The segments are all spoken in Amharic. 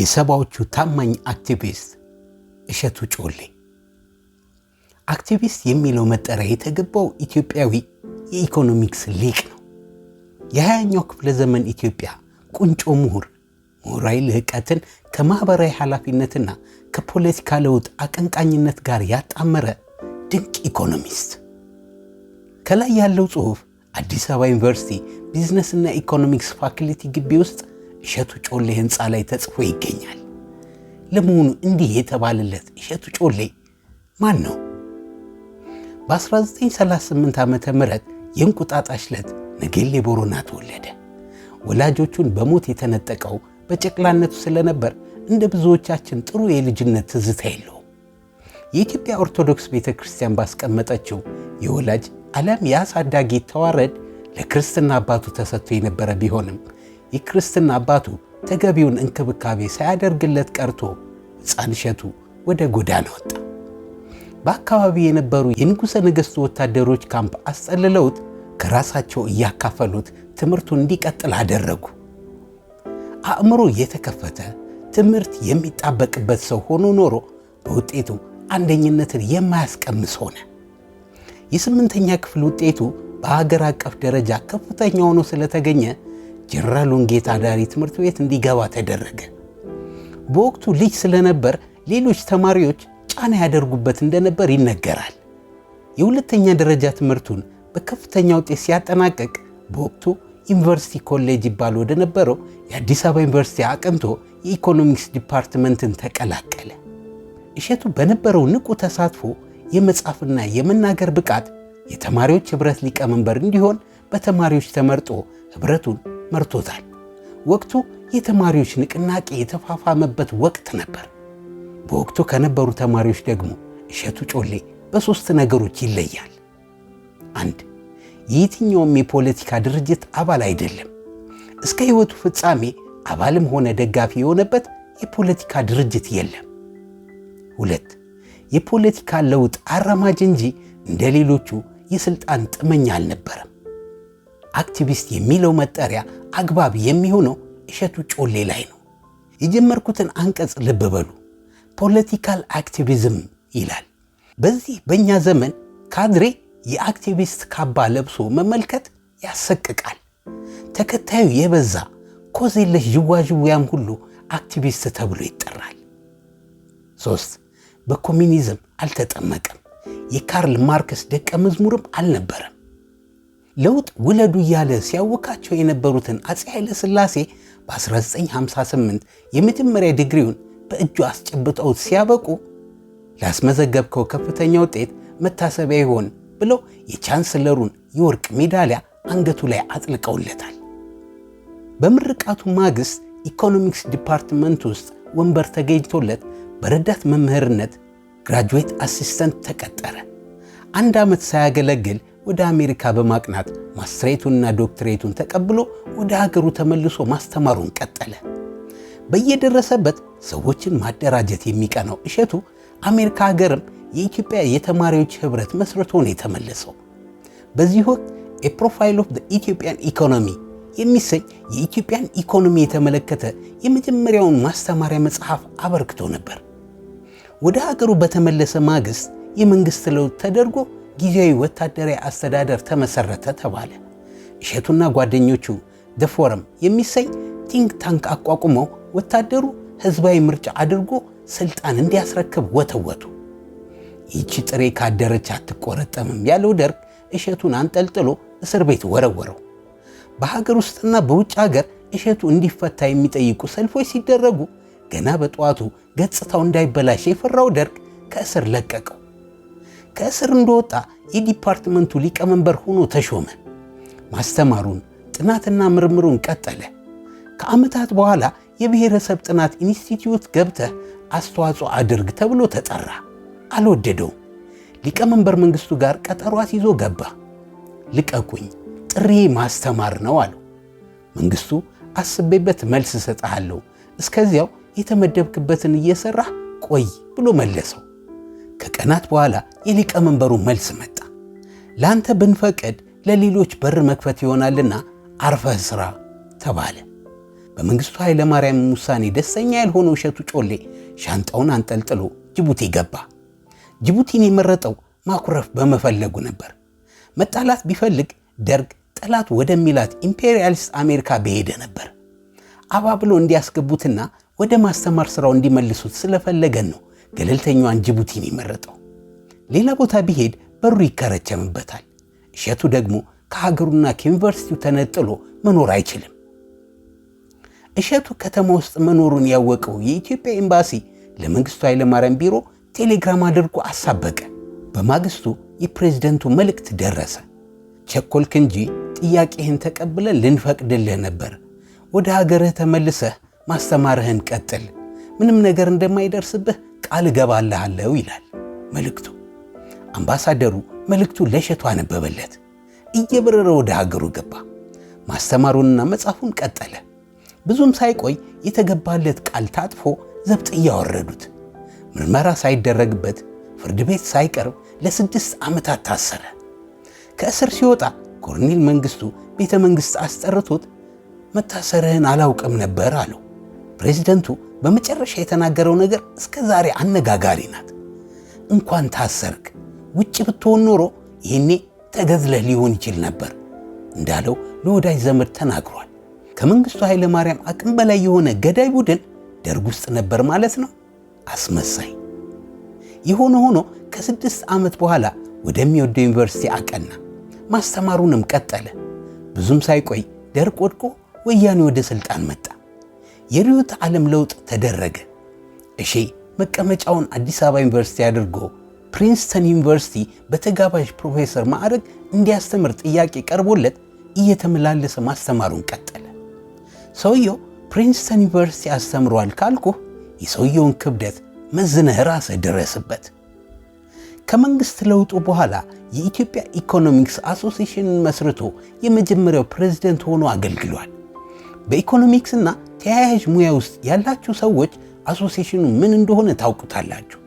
የሰባዎቹ ታማኝ አክቲቪስት እሸቱ ጮሌ። አክቲቪስት የሚለው መጠሪያ የተገባው ኢትዮጵያዊ የኢኮኖሚክስ ሊቅ ነው። የሀያኛው ክፍለ ዘመን ኢትዮጵያ ቁንጮ ምሁር ምሁራዊ ልህቀትን ከማኅበራዊ ኃላፊነትና ከፖለቲካ ለውጥ አቀንቃኝነት ጋር ያጣመረ ድንቅ ኢኮኖሚስት። ከላይ ያለው ጽሑፍ አዲስ አበባ ዩኒቨርሲቲ ቢዝነስና ኢኮኖሚክስ ፋክልቲ ግቢ ውስጥ እሸቱ ጮሌ ህንፃ ላይ ተጽፎ ይገኛል። ለመሆኑ እንዲህ የተባለለት እሸቱ ጮሌ ማን ነው? በ1938 ዓ ም የእንቁጣጣሽ ዕለት ነገሌ ቦረና ተወለደ። ወላጆቹን በሞት የተነጠቀው በጨቅላነቱ ስለነበር እንደ ብዙዎቻችን ጥሩ የልጅነት ትዝታ የለውም። የኢትዮጵያ ኦርቶዶክስ ቤተ ክርስቲያን ባስቀመጠችው የወላጅ ዓለም የአሳዳጊ ተዋረድ ለክርስትና አባቱ ተሰጥቶ የነበረ ቢሆንም የክርስትና አባቱ ተገቢውን እንክብካቤ ሳያደርግለት ቀርቶ ሕፃን ወደ ጎዳና ወጣ። በአካባቢ የነበሩ የንጉሠ ነገሥቱ ወታደሮች ካምፕ አስጠልለውት ከራሳቸው እያካፈሉት ትምህርቱን እንዲቀጥል አደረጉ። አእምሮ የተከፈተ ትምህርት የሚጣበቅበት ሰው ሆኖ ኖሮ በውጤቱ አንደኝነትን የማያስቀምስ ሆነ። የስምንተኛ ክፍል ውጤቱ በሀገር አቀፍ ደረጃ ከፍተኛ ሆኖ ስለተገኘ ጀነራል ጌታ ዳሪ ትምህርት ቤት እንዲገባ ተደረገ። በወቅቱ ልጅ ስለነበር ሌሎች ተማሪዎች ጫና ያደርጉበት እንደነበር ይነገራል። የሁለተኛ ደረጃ ትምህርቱን በከፍተኛ ውጤት ሲያጠናቀቅ በወቅቱ ዩኒቨርሲቲ ኮሌጅ ይባል ወደ ነበረው የአዲስ አበባ ዩኒቨርሲቲ አቅንቶ የኢኮኖሚክስ ዲፓርትመንትን ተቀላቀለ። እሸቱ በነበረው ንቁ ተሳትፎ የመጻፍና የመናገር ብቃት የተማሪዎች ኅብረት ሊቀመንበር እንዲሆን በተማሪዎች ተመርጦ ኅብረቱን መርቶታል። ወቅቱ የተማሪዎች ንቅናቄ የተፋፋመበት ወቅት ነበር። በወቅቱ ከነበሩ ተማሪዎች ደግሞ እሸቱ ጮሌ በሦስት ነገሮች ይለያል። አንድ የየትኛውም የፖለቲካ ድርጅት አባል አይደለም። እስከ ሕይወቱ ፍጻሜ አባልም ሆነ ደጋፊ የሆነበት የፖለቲካ ድርጅት የለም። ሁለት የፖለቲካ ለውጥ አራማጅ እንጂ እንደ ሌሎቹ የሥልጣን ጥመኛ አልነበረም። አክቲቪስት የሚለው መጠሪያ አግባብ የሚሆነው እሸቱ ጮሌ ላይ ነው። የጀመርኩትን አንቀጽ ልብ በሉ። ፖለቲካል አክቲቪዝም ይላል። በዚህ በእኛ ዘመን ካድሬ የአክቲቪስት ካባ ለብሶ መመልከት ያሰቅቃል። ተከታዩ የበዛ ኮዝ የለሽ ዥዋዥዌያም ሁሉ አክቲቪስት ተብሎ ይጠራል። ሶስት በኮሚኒዝም አልተጠመቀም። የካርል ማርክስ ደቀ መዝሙርም አልነበረም። ለውጥ ውለዱ እያለ ሲያውካቸው የነበሩትን አፄ ኃይለ ሥላሴ በ1958 የመጀመሪያ ዲግሪውን በእጁ አስጨብጠው ሲያበቁ ላስመዘገብከው ከፍተኛ ውጤት መታሰቢያ ይሆን ብለው የቻንስለሩን የወርቅ ሜዳሊያ አንገቱ ላይ አጥልቀውለታል። በምርቃቱ ማግስት ኢኮኖሚክስ ዲፓርትመንት ውስጥ ወንበር ተገኝቶለት በረዳት መምህርነት ግራጁዌት አሲስተንት ተቀጠረ። አንድ ዓመት ሳያገለግል ወደ አሜሪካ በማቅናት ማስትሬቱንና ዶክትሬቱን ተቀብሎ ወደ ሀገሩ ተመልሶ ማስተማሩን ቀጠለ። በየደረሰበት ሰዎችን ማደራጀት የሚቀናው እሸቱ አሜሪካ ሀገርም የኢትዮጵያ የተማሪዎች ህብረት መስርቶ ነው የተመለሰው። በዚህ ወቅት የፕሮፋይል ኦፍ ኢትዮጵያን ኢኮኖሚ የሚሰኝ የኢትዮጵያን ኢኮኖሚ የተመለከተ የመጀመሪያውን ማስተማሪያ መጽሐፍ አበርክቶ ነበር። ወደ ሀገሩ በተመለሰ ማግስት የመንግሥት ለውጥ ተደርጎ ጊዜያዊ ወታደራዊ አስተዳደር ተመሰረተ ተባለ። እሸቱና ጓደኞቹ ደፎረም የሚሰኝ ቲንክ ታንክ አቋቁመው ወታደሩ ህዝባዊ ምርጫ አድርጎ ስልጣን እንዲያስረክብ ወተወቱ። ይቺ ጥሬ ካደረች አትቆረጠምም ያለው ደርግ እሸቱን አንጠልጥሎ እስር ቤት ወረወረው። በሀገር ውስጥና በውጭ ሀገር እሸቱ እንዲፈታ የሚጠይቁ ሰልፎች ሲደረጉ ገና በጠዋቱ ገጽታው እንዳይበላሽ የፈራው ደርግ ከእስር ለቀቀው። ከእስር እንደወጣ የዲፓርትመንቱ ሊቀመንበር ሆኖ ተሾመ። ማስተማሩን ጥናትና ምርምሩን ቀጠለ። ከዓመታት በኋላ የብሔረሰብ ጥናት ኢንስቲትዩት ገብተህ አስተዋጽኦ አድርግ ተብሎ ተጠራ። አልወደደውም። ሊቀመንበር መንግስቱ ጋር ቀጠሯት ይዞ ገባ። ልቀቁኝ፣ ጥሬ ማስተማር ነው አለው። መንግስቱ አስቤበት መልስ እሰጥሃለሁ፣ እስከዚያው የተመደብክበትን እየሰራህ ቆይ ብሎ መለሰው። ከቀናት በኋላ የሊቀመንበሩ መልስ መጣ። ላንተ ብንፈቅድ ለሌሎች በር መክፈት ይሆናልና አርፈህ ሥራ ተባለ። በመንግሥቱ ኃይለማርያም ውሳኔ ደስተኛ ያልሆነ እሸቱ ጮሌ ሻንጣውን አንጠልጥሎ ጅቡቲ ገባ። ጅቡቲን የመረጠው ማኩረፍ በመፈለጉ ነበር። መጣላት ቢፈልግ ደርግ ጠላት ወደሚላት ኢምፔሪያሊስት አሜሪካ በሄደ ነበር። አባብሎ እንዲያስገቡትና ወደ ማስተማር ሥራው እንዲመልሱት ስለፈለገን ነው ገለልተኛዋን ጅቡቲን የመረጠው። ሌላ ቦታ ቢሄድ በሩ ይከረቸምበታል። እሸቱ ደግሞ ከሀገሩና ከዩኒቨርሲቲው ተነጥሎ መኖር አይችልም። እሸቱ ከተማ ውስጥ መኖሩን ያወቀው የኢትዮጵያ ኤምባሲ ለመንግስቱ ኃይለማርያም ቢሮ ቴሌግራም አድርጎ አሳበቀ። በማግስቱ የፕሬዝደንቱ መልእክት ደረሰ። ቸኮልክ እንጂ ጥያቄህን ተቀብለን ልንፈቅድልህ ነበር። ወደ ሀገርህ ተመልሰህ ማስተማርህን ቀጥል ምንም ነገር እንደማይደርስብህ ቃል እገባልሃለሁ ይላል መልእክቱ። አምባሳደሩ መልእክቱ ለእሸቱ አነበበለት። እየበረረ ወደ ሀገሩ ገባ። ማስተማሩንና መጽሐፉን ቀጠለ። ብዙም ሳይቆይ የተገባለት ቃል ታጥፎ ዘብጥ እያወረዱት። ምርመራ ሳይደረግበት ፍርድ ቤት ሳይቀርብ ለስድስት ዓመታት ታሰረ። ከእስር ሲወጣ ኮርኔል መንግስቱ ቤተ መንግሥት አስጠርቶት መታሰርህን አላውቅም ነበር አለው። ፕሬዚደንቱ በመጨረሻ የተናገረው ነገር እስከ ዛሬ አነጋጋሪ ናት። እንኳን ታሰርክ፣ ውጭ ብትሆን ኖሮ ይህኔ ተገዝለህ ሊሆን ይችል ነበር እንዳለው ለወዳጅ ዘመድ ተናግሯል። ከመንግሥቱ ኃይለ ማርያም አቅም በላይ የሆነ ገዳይ ቡድን ደርግ ውስጥ ነበር ማለት ነው። አስመሳይ። የሆነ ሆኖ ከስድስት ዓመት በኋላ ወደሚወደው ዩኒቨርሲቲ አቀና። ማስተማሩንም ቀጠለ። ብዙም ሳይቆይ ደርግ ወድቆ ወያኔ ወደ ሥልጣን መጣ። የርዕዮተ ዓለም ለውጥ ተደረገ። እሺ መቀመጫውን አዲስ አበባ ዩኒቨርሲቲ አድርጎ ፕሪንስተን ዩኒቨርሲቲ በተጋባዥ ፕሮፌሰር ማዕረግ እንዲያስተምር ጥያቄ ቀርቦለት እየተመላለሰ ማስተማሩን ቀጠለ። ሰውየው ፕሪንስተን ዩኒቨርሲቲ አስተምሯል ካልኩህ የሰውየውን ክብደት መዝነህ ራስ ደረስበት! ከመንግሥት ለውጡ በኋላ የኢትዮጵያ ኢኮኖሚክስ አሶሲሽንን መስርቶ የመጀመሪያው ፕሬዝደንት ሆኖ አገልግሏል። በኢኮኖሚክስ እና ተያያዥ ሙያ ውስጥ ያላችሁ ሰዎች አሶሲሽኑ ምን እንደሆነ ታውቁታላችሁ።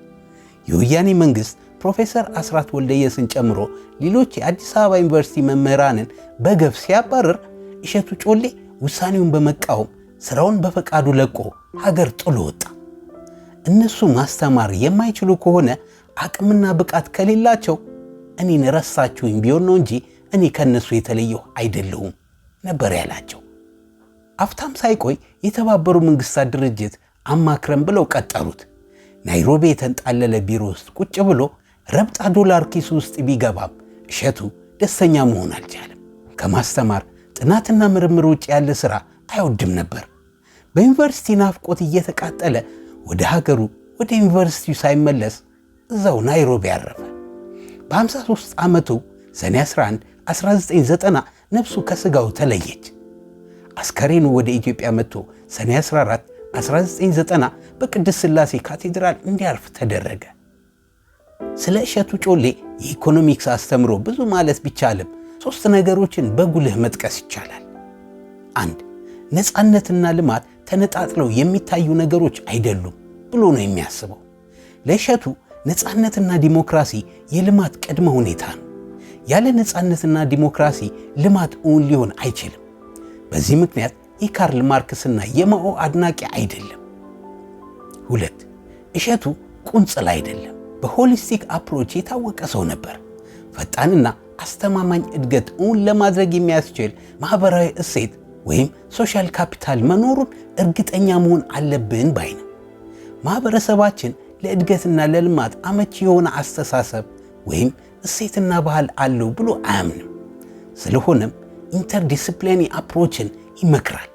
የወያኔ መንግሥት ፕሮፌሰር አስራት ወልደየስን ጨምሮ ሌሎች የአዲስ አበባ ዩኒቨርሲቲ መምህራንን በገፍ ሲያባርር እሸቱ ጮሌ ውሳኔውን በመቃወም ሥራውን በፈቃዱ ለቆ ሀገር ጥሎ ወጣ። እነሱ ማስተማር የማይችሉ ከሆነ አቅምና ብቃት ከሌላቸው እኔን ረሳችሁኝ ቢሆን ነው እንጂ እኔ ከነሱ የተለየሁ አይደለሁም ነበር ያላቸው። አፍታም ሳይቆይ የተባበሩ መንግስታት ድርጅት አማክረን ብለው ቀጠሩት። ናይሮቢ የተንጣለለ ቢሮ ውስጥ ቁጭ ብሎ ረብጣ ዶላር ኪሱ ውስጥ ቢገባም እሸቱ ደስተኛ መሆን አልቻለም። ከማስተማር ጥናትና ምርምር ውጭ ያለ ሥራ አይወድም ነበር። በዩኒቨርሲቲ ናፍቆት እየተቃጠለ ወደ ሀገሩ ወደ ዩኒቨርሲቲው ሳይመለስ እዛው ናይሮቢ አረፈ። በ53 ዓመቱ ሰኔ 11 1990 ነፍሱ ከሥጋው ተለየች። አስከሬኑ ወደ ኢትዮጵያ መጥቶ ሰኔ 14 1990 በቅድስት ሥላሴ ካቴድራል እንዲያርፍ ተደረገ። ስለ እሸቱ ጮሌ የኢኮኖሚክስ አስተምሮ ብዙ ማለት ቢቻልም ሦስት ነገሮችን በጉልህ መጥቀስ ይቻላል። አንድ ነፃነትና ልማት ተነጣጥለው የሚታዩ ነገሮች አይደሉም ብሎ ነው የሚያስበው። ለእሸቱ ነፃነትና ዲሞክራሲ የልማት ቅድመ ሁኔታ ነው። ያለ ነፃነትና ዲሞክራሲ ልማት እውን ሊሆን አይችልም። በዚህ ምክንያት የካርል ማርክስና የማኦ አድናቂ አይደለም። ሁለት እሸቱ ቁንጽል አይደለም። በሆሊስቲክ አፕሮች የታወቀ ሰው ነበር። ፈጣንና አስተማማኝ እድገት እውን ለማድረግ የሚያስችል ማኅበራዊ እሴት ወይም ሶሻል ካፒታል መኖሩን እርግጠኛ መሆን አለብን ባይ ነው። ማኅበረሰባችን ለእድገትና ለልማት አመቺ የሆነ አስተሳሰብ ወይም እሴትና ባህል አለው ብሎ አያምንም። ስለሆነም ኢንተርዲስፕሊኒ አፕሮችን ይመክራል።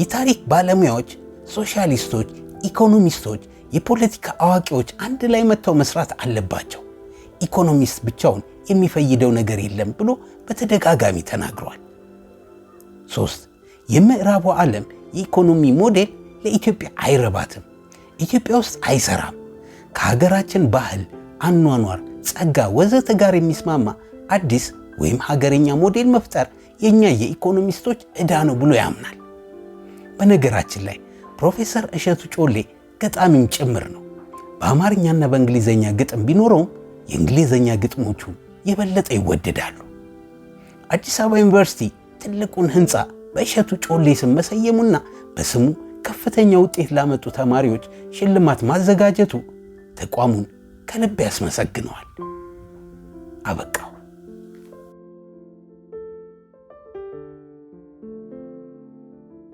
የታሪክ ባለሙያዎች፣ ሶሻሊስቶች፣ ኢኮኖሚስቶች፣ የፖለቲካ አዋቂዎች አንድ ላይ መጥተው መስራት አለባቸው። ኢኮኖሚስት ብቻውን የሚፈይደው ነገር የለም ብሎ በተደጋጋሚ ተናግሯል። ሶስት የምዕራቡ ዓለም የኢኮኖሚ ሞዴል ለኢትዮጵያ አይረባትም፣ ኢትዮጵያ ውስጥ አይሰራም። ከሀገራችን ባህል፣ አኗኗር፣ ጸጋ፣ ወዘተ ጋር የሚስማማ አዲስ ወይም ሀገረኛ ሞዴል መፍጠር የእኛ የኢኮኖሚስቶች ዕዳ ነው ብሎ ያምናል። በነገራችን ላይ ፕሮፌሰር እሸቱ ጮሌ ገጣሚም ጭምር ነው። በአማርኛና በእንግሊዘኛ ግጥም ቢኖረውም የእንግሊዘኛ ግጥሞቹ የበለጠ ይወደዳሉ። አዲስ አበባ ዩኒቨርሲቲ ትልቁን ሕንፃ በእሸቱ ጮሌ ስም መሰየሙና በስሙ ከፍተኛ ውጤት ላመጡ ተማሪዎች ሽልማት ማዘጋጀቱ ተቋሙን ከልብ ያስመሰግነዋል። አበቃ።